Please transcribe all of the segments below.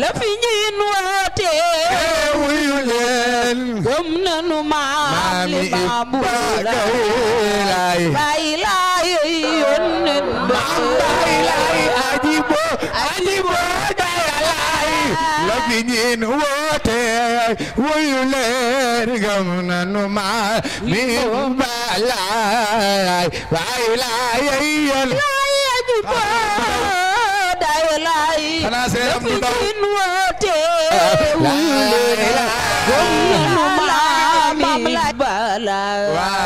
la fi ñuy woote wuyu leen gëm nanu maam li baabu laay baay laay yónneen ba baay laay ajibo ajibo la fi ñuy woote wuyu leen gëm nanu maam mi baay laay baay laay yónneen lay lépp ngeen woote wuy leen gom nu maami balaay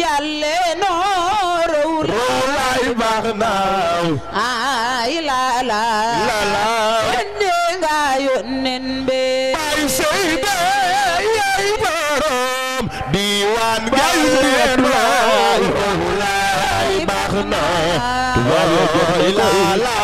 jàlle noo raw laay baax naaw ay lala lala yónne nga yónnen be ay seyda yay borom diwaan gay seen laay baax naaw lala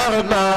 Barna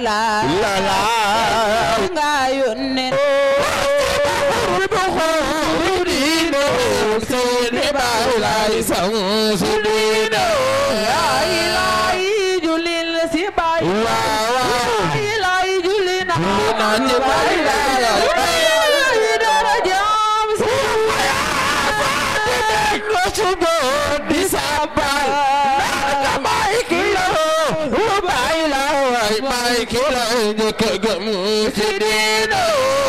la la la nga yónnee bu xoo di no sey ne ba lay sa مفسدين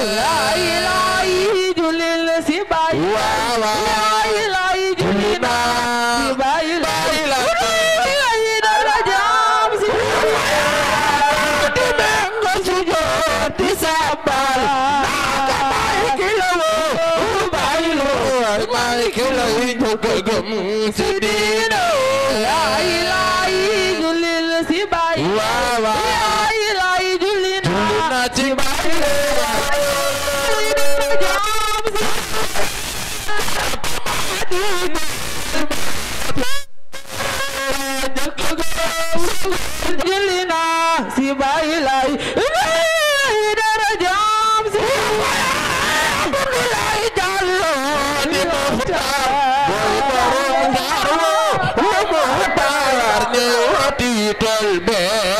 لا إله يجل السباي لا إله يجل ما سباي لا إله يجل الرجام سباي دمين سجود سبال مالك لو يجوك مفسدين لا إله يجل السباي bàyyi laay ilaay dara jaam si Abdoulaye Diallo ni Muxtaar mooy borom Ndar wa Muxtaar ne wati tol bee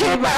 Fatima.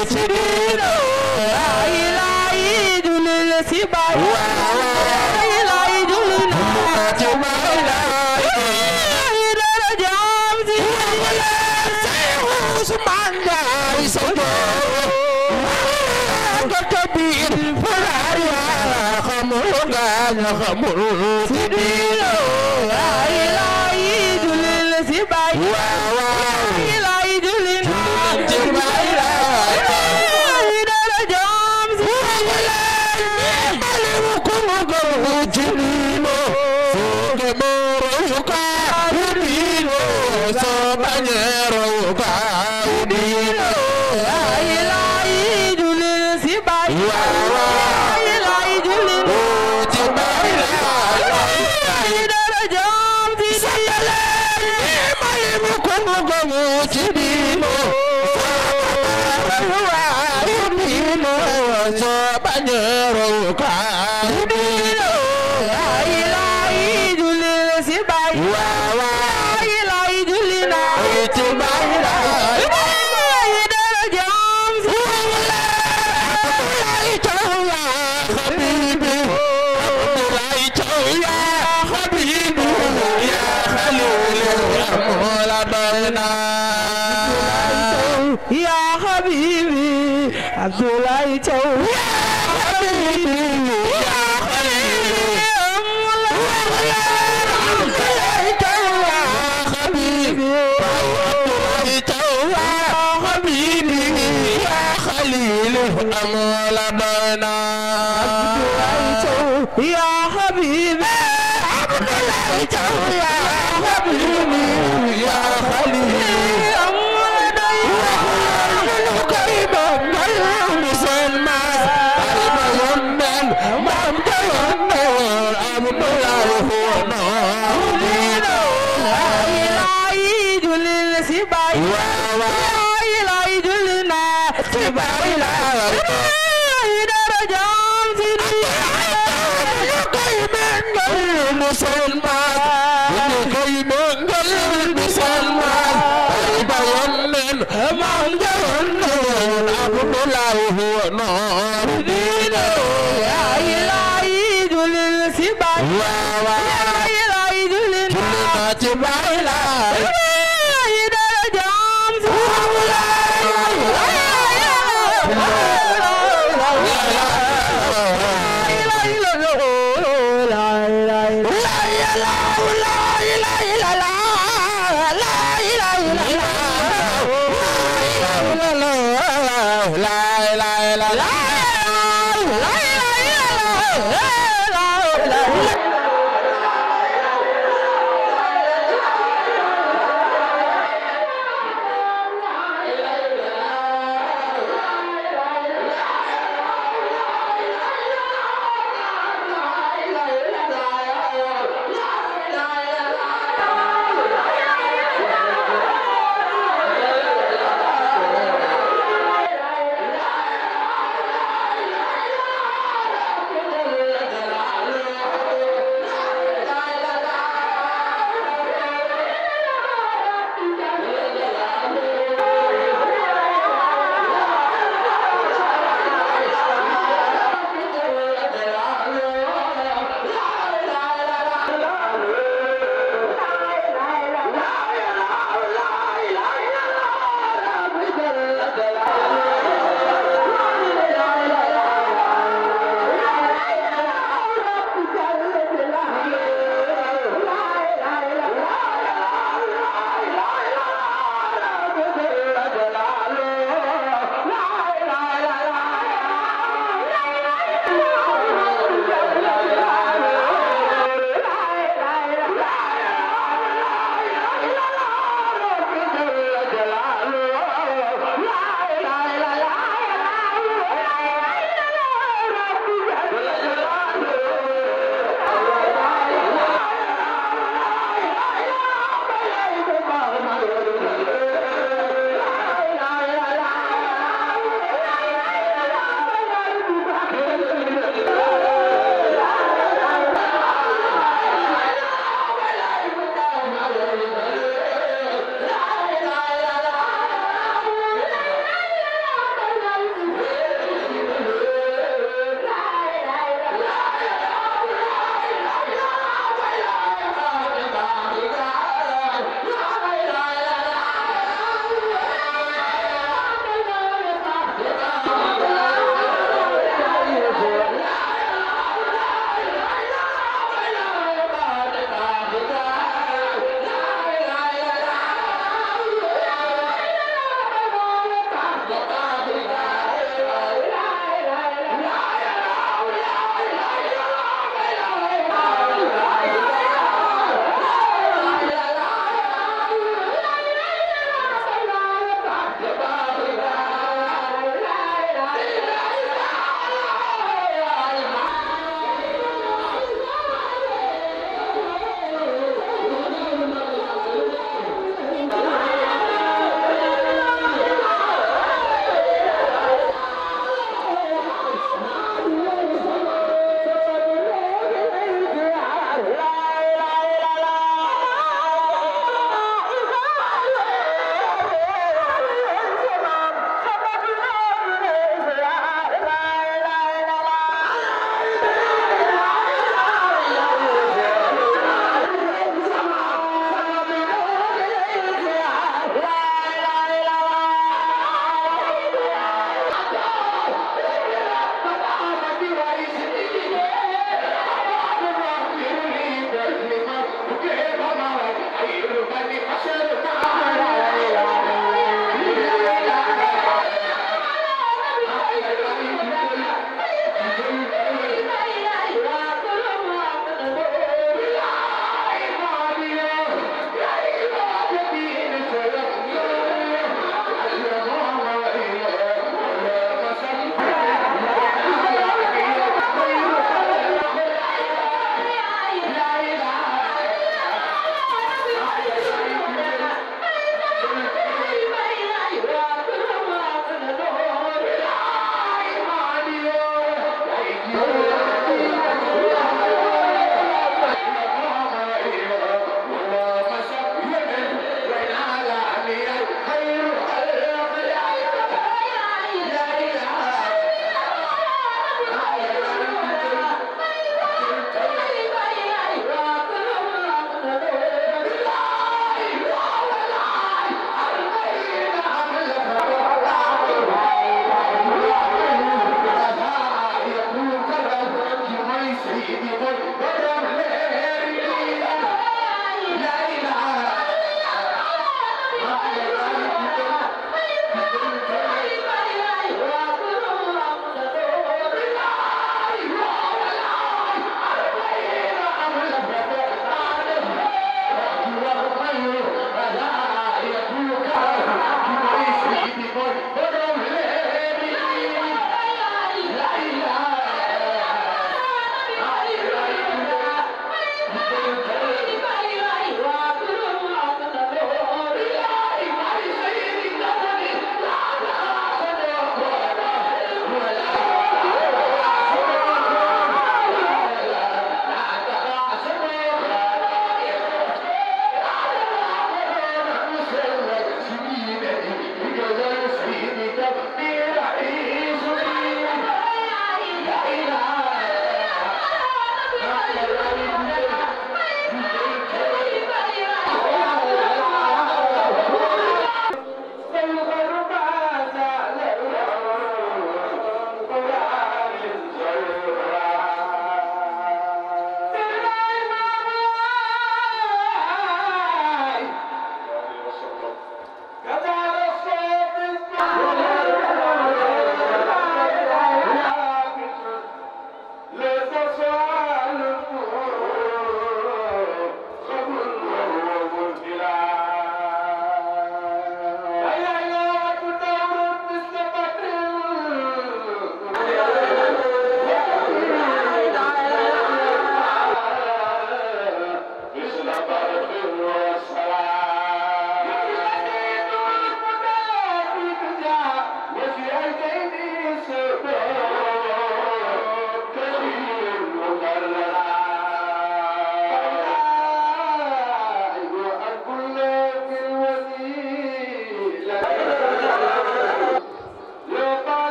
يخمرون سبيله لا إله يدل السبيل لا إله يدل السبيل Sobanero waaw waaw julli naa ci baay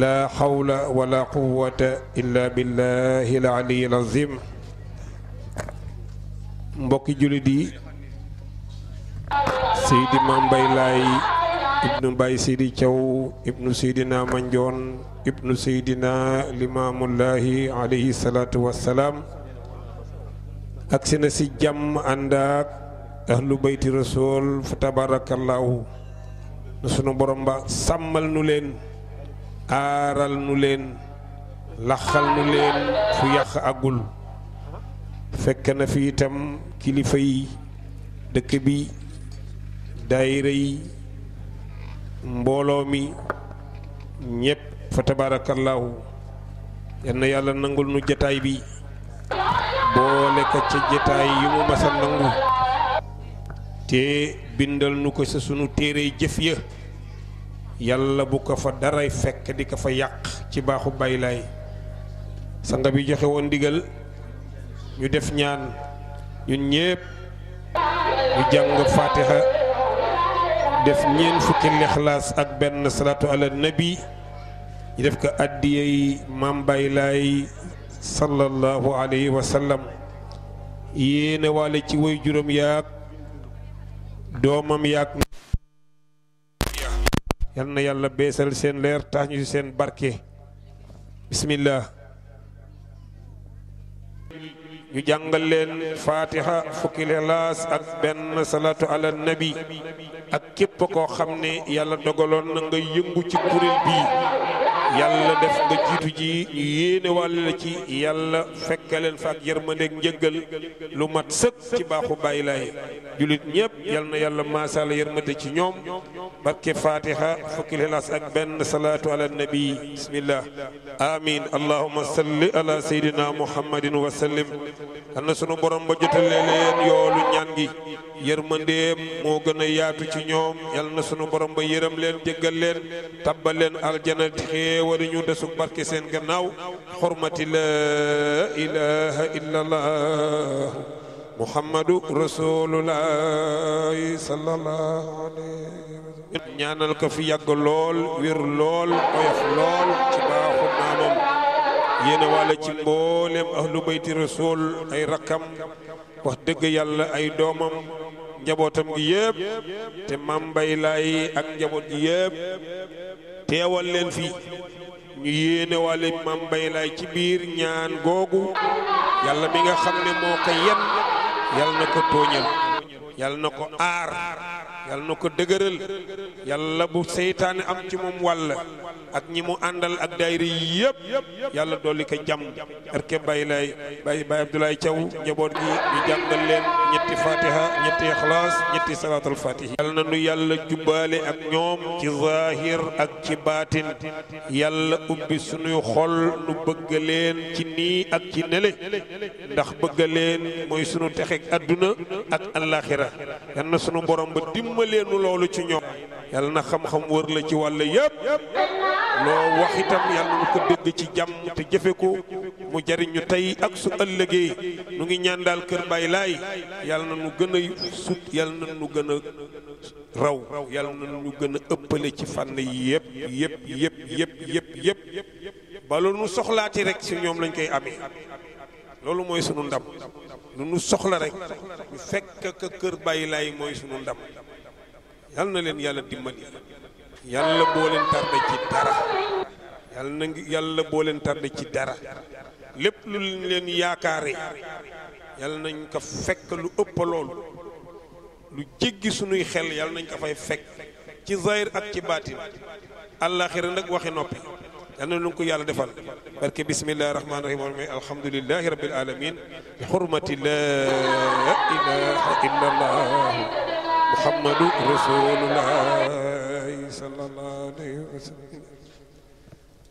laa xawla wala quwwata illa billahi al aliy al azim mbokki jullit yi Seydi Mame Mbaye ibnu Mbaye Seydi Thiaw ibnu Seydina Mandione ibnu Seydina Limamullahi alayhi salaatu wassalaam agsi na si jàmm ànd ak ahlu bayti rasul fa tabarakallahu sunu borom ba sàmmal nu leen aaral nu leen laxal nu leen fu yàq agul fekk na fi itam kilifa yi dëkk bi daayira yi mbooloo mi ñépp fa tabaarakallaahu yal yàlla nangul nu jataay bi boole ko ca jataay yu mu masa nangu te bindal nu ko sa sunu téere jëf ya yàlla bu ko fa daray fekk di ko fa yàq ci baaxu baylaay sanga bi joxe woon digal ñu def ñaan ñun ñépp ñu jàng faatiha def ñeen fukki lixlaas ak benn salaatu ala nabi ñu def ko addiyey maam baylaay sallallahu alayhi wa sallam ci way juróom yaag doomam yaag yal na yàlla beesal seen leer tax ñu seen barke bismillah ñu jàngal leen fatiha fukki lelaas ak benn salaatu ala nabi ak képp koo xam ne yàlla dogaloon na nga yëngu ci kuréel bii yàlla def nga jiitu ji ñu yéene wàll ci yàlla fekkaleen fa ak yërmandeeg njëggal lu mat sëkk ci baaxu bàyyi laay jullit ñëpp yal na yàlla maasaala yërmande ci ñoom barke fatiha fukki xilaas ak benn salaatu ala nabi bismillah amin allahuma salli ala sayyidina muhammadin wa sallim ana sunu borom ba jotale leen yoolu ñaan gi yërmandeem moo gën a yaatu ci ñoom yal na sunu borom ba yërëm leen jéggal leen tabbal leen aljana xéewal ñu desug barke seen gannaaw xurmati la ilaha illallah muhammadu rasulullah sallallahu alayhi ñaanal ko fi yàgg lool wér lool oyof lool ci baaxu naamam yéen a wàll ci mbooleem ahlu bayti rasul ay rakkam wax dëgg yàlla ay doomam njabootam gi yëpp te maam mbay laay ak njaboot gi yëpp teewal leen fi ñu yéene wàlle Mame ci biir ñaan googu yàlla bi nga xam ne moo ko yen yàlla na ko tooñal yàlla na ko aar yàlla na ko dëgëral yàlla bu seytaane am ci moom wàll ak ñi mu àndal ak daayira yëpp yàlla dolli ko jàmm barke Baye Lay Baye Baye Abdoulaye Thiaw njaboot gi ñu jàngal leen ñetti fatiha ñetti ixlaas ñetti salaatul fatihi yàlla na nu yàlla jubbaale ak ñoom ci zahir ak ci baatin yàlla ubbi sunuy xol nu bëgg leen ci nii ak ci nele ndax bëgg leen mooy sunu texek àdduna ak àllaaxira yal na sunu borom ba dimbaleenu loolu ci ñoom yàlla na xam-xam wër la ci wàll yëpp loo wax itam yàlla na ko dégg ci jàmm te jëfe ko mu jariñ ñu tey ak su ëllëgee nu ngi ñaan daal kër Baay Laay yàlla na nu gën a sut yàlla na nu gën raw yàlla na nu gën a ëppale ci fànn yi yëpp yëpp yëpp yëpp yëpp yëpp ba lu nu soxlaati rek si ñoom lañ koy amee loolu mooy sunu ndam lu nu soxla rek ñu fekk ka kër Baay mooy sunu ndam yàlla na leen yàlla dimbali yàlla boo leen tardé ci dara yàlla na yàlla boo leen tardé ci dara lépp lu leen yaakaare yàlla nañ ko fekk lu ëpp loolu lu jéggi sunuy xel yàlla nañ ko fay fekk ci zahir ak ci baatin àllaaxira nag waxi noppi yàlla na nu ko yàlla defal barke bismillahi rahmaani rahiim alhamdulillahi rabbil alamin bi xurmati laa ilaaha illallah محمد رسول الله صلى الله عليه وسلم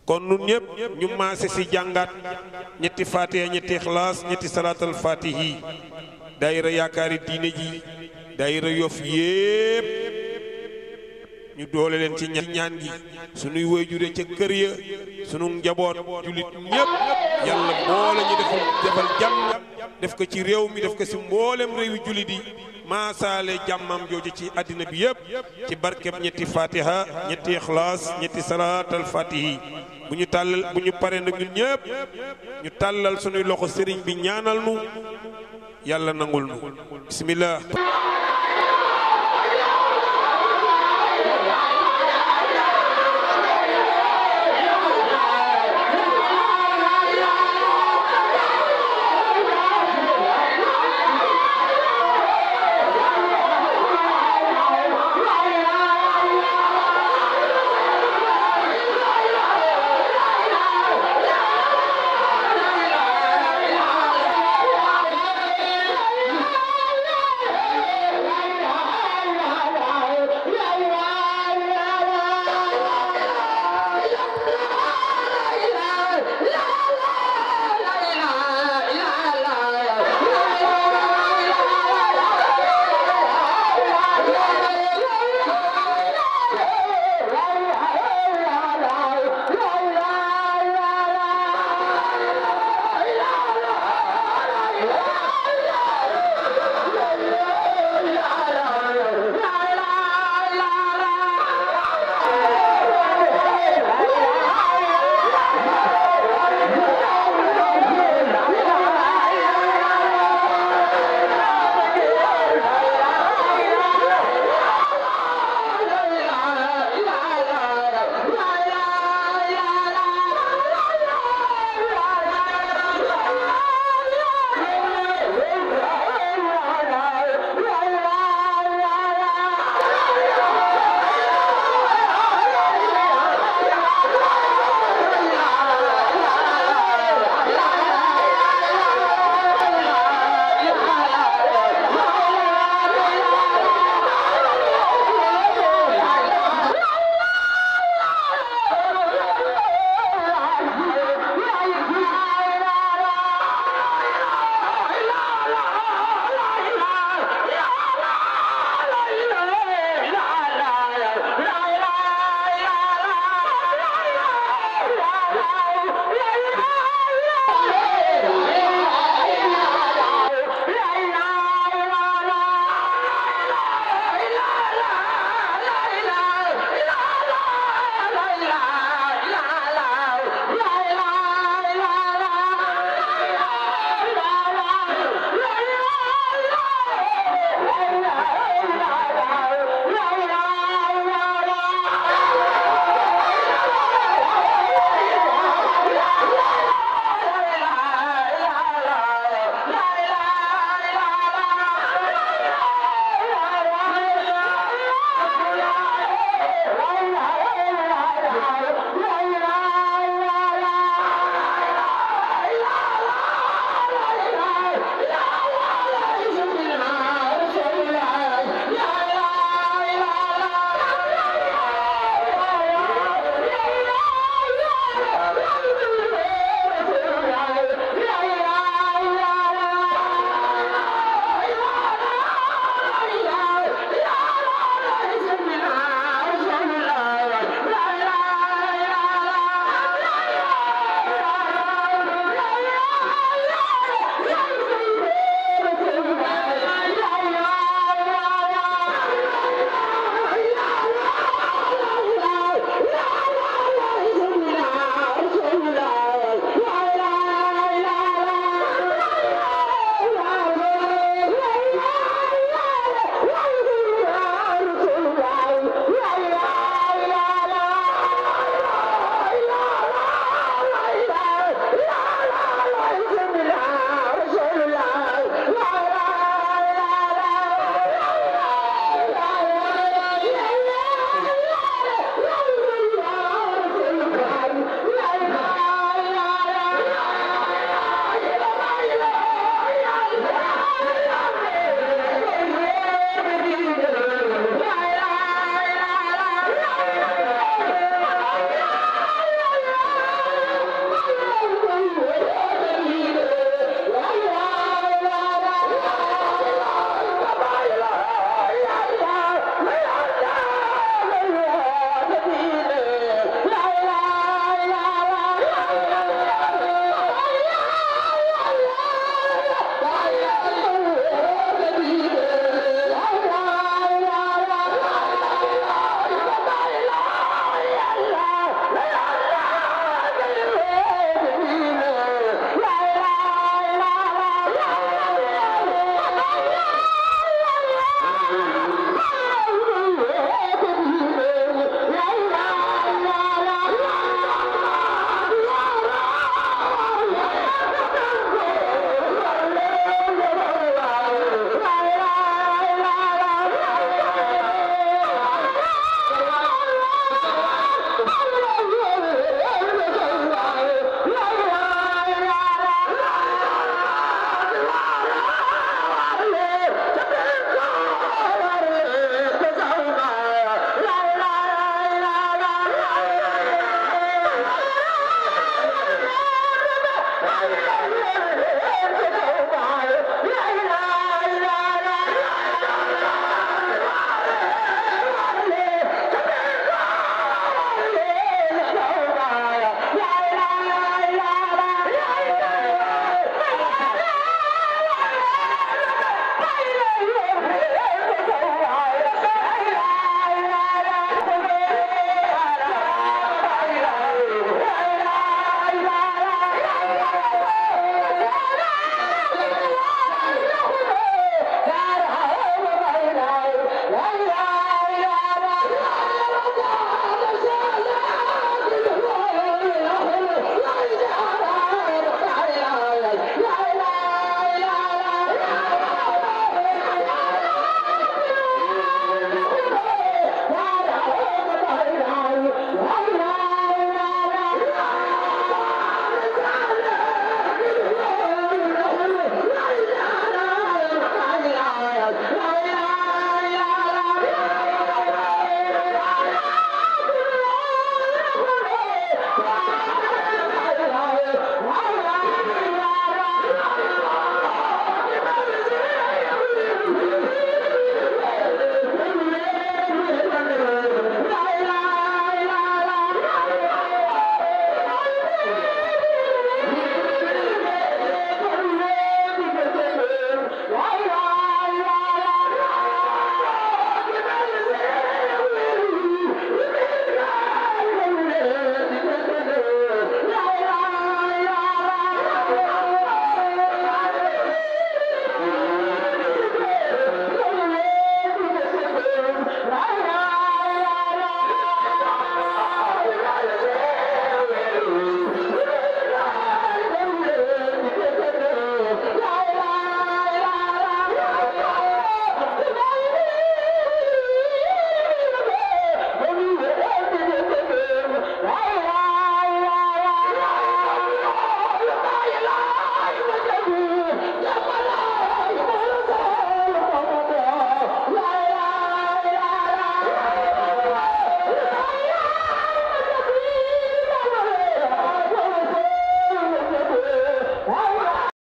kon nun ñep ñu maase ci jangat ñetti fatiha ñetti ikhlas ñetti salatul fatihi daayira yaakaari diine ji daayira yof yeb ñu doole leen ci ñaan gi sunuy wayjuure ya ci kër ya suñu njaboot julit ñep yalla boole ñu defal jamm def ko ci rew mi def ko ci mbollem rew julit yi maasaale jàmmam jooju ci àddina bi yëpp ci barkeb ñetti fatiha ñetti ixlaas ñetti salaatal fatihi bu ñu tàllal bu ñu paree nag ñun ñëpp ñu tàllal sunuy loxo sëriñ bi ñaanal nu yàlla nangul nu bismillah